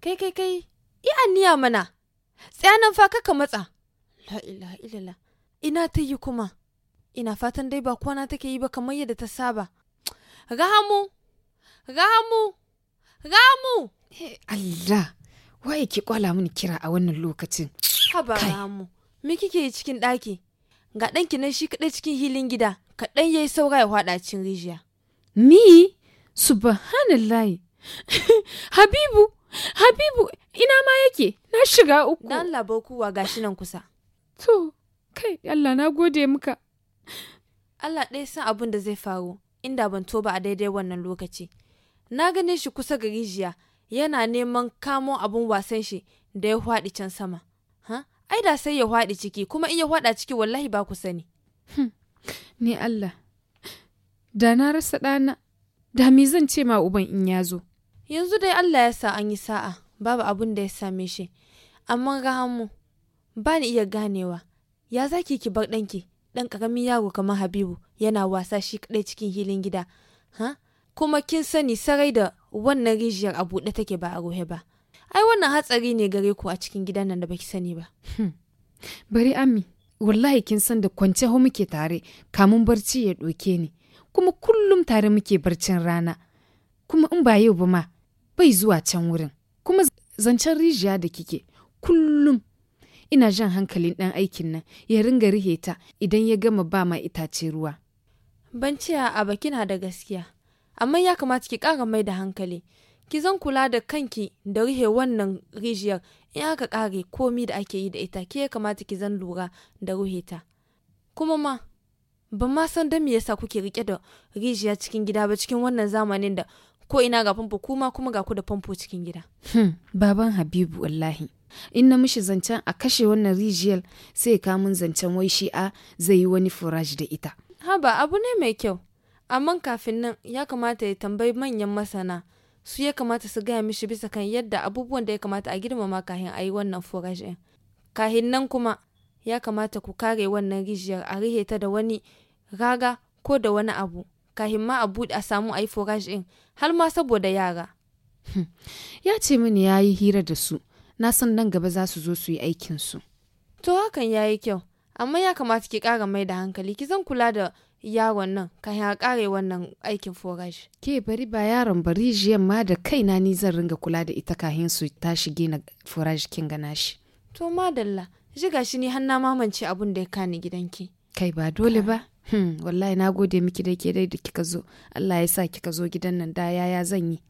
Kai kai kai, yi aniya mana, tsayanan fa kaka matsa. la'ila ina ta yi kuma. Ina fatan dai ba kwana take yi ba kamar yadda ta saba. Ramu, Ramu, Ramu! Allah, waye ki kwala mini kira a wannan lokacin? Haba Ramu, me kike yi cikin ɗaki? Ga ɗanki nan shi kaɗai cikin hilin gida, kaɗan yayi saura ya hwaɗa cin rijiya. Ni? Subhanallahi. Habibu, Habibu, ina ma yake, na shiga uku. Dan ga gashi nan kusa. To, kai Allah na gode muka. Allah ɗaya san abin da zai faru, inda ban toba a daidai wannan lokaci. Na gane shi kusa ga rijiya, yana neman kamo abin wasan shi da ya hwaɗi can sama. Ha? Ai da sai ya hwaɗi ciki, kuma iya ya hwaɗa ciki wallahi ba kusa ne. Hmm, ni Allah, da na rasa ɗana, da me zan ce ma uban in ya zo. Yanzu dai Allah ya sa an yi sa'a, babu abin da ya same shi. Amma ga hannu, ba ni iya ganewa. Ya zaki ki bar ɗanki, ɗan ƙaramin yaro kamar Habibu yana wasa shi kaɗai cikin hilin gida. Ha? Kuma kin sani sarai da wannan rijiyar a buɗe take ba a rohe ba. Ai wannan hatsari ne gare ku a cikin gidan nan da baki sani ba. Hmm. Bari Ami, wallahi kin san da kwance ho muke tare kamun barci ya ɗoke ni. Kuma kullum tare muke barcin rana. Kuma in ba yau ba ma bai zuwa can wurin kuma zancen rijiya da kike kullum ina jan hankalin ɗan aikin nan ya ringa rihe idan ya gama ba ma itace ruwa. Ban ce a baki na da gaskiya, amma ya kamata ki kara mai da hankali. Ki zan kula da kanki da rihe wannan rijiyar in aka kare komi da ake yi da ita ke ya kamata ki zan lura da ruheta Kuma ma, ban ma san da me yasa kuke rike da rijiya cikin gida ba cikin wannan zamanin da ko ina ga famfo kuma kuma ga ku da famfo cikin gida hmm, baban habibu wallahi in na mishi zancen a kashe wannan rijiyar sai ka mun zancen wai shi'a zai yi wani furaji da ita haba abu ne mai kyau amma kafin nan ya kamata ya tambayi manyan masana su ya kamata su gaya mishi bisa kan yadda abubuwan da ya kamata a girmama kahin a yi wannan forage ɗin. Kahin nan kuma ya kamata ku kare wannan rijiyar a rihe ta da wani raga ko da wani abu kahin ma a buɗe a samu a yi forage ɗin har ma saboda yara. Hmm. ya ce mini ya yi hira da su na san nan gaba za su zo su yi aikinsu. To hakan ya yi kyau amma ya kamata ki kara mai da hankali ki zan kula da yaron nan ka a ƙare wannan aikin forage. Ke bari ba yaron bari jiyan ma da kaina ni zan ringa kula da ita kahin su tashi gina forage kin gana shi. To madalla jiga shi ni har na mamance abin da ya kani gidanki. Kai ba dole ba. Hmm, wallahi na gode miki da ke dai da kika zo. Allah ya sa kika zo gidan nan da yaya zan yi.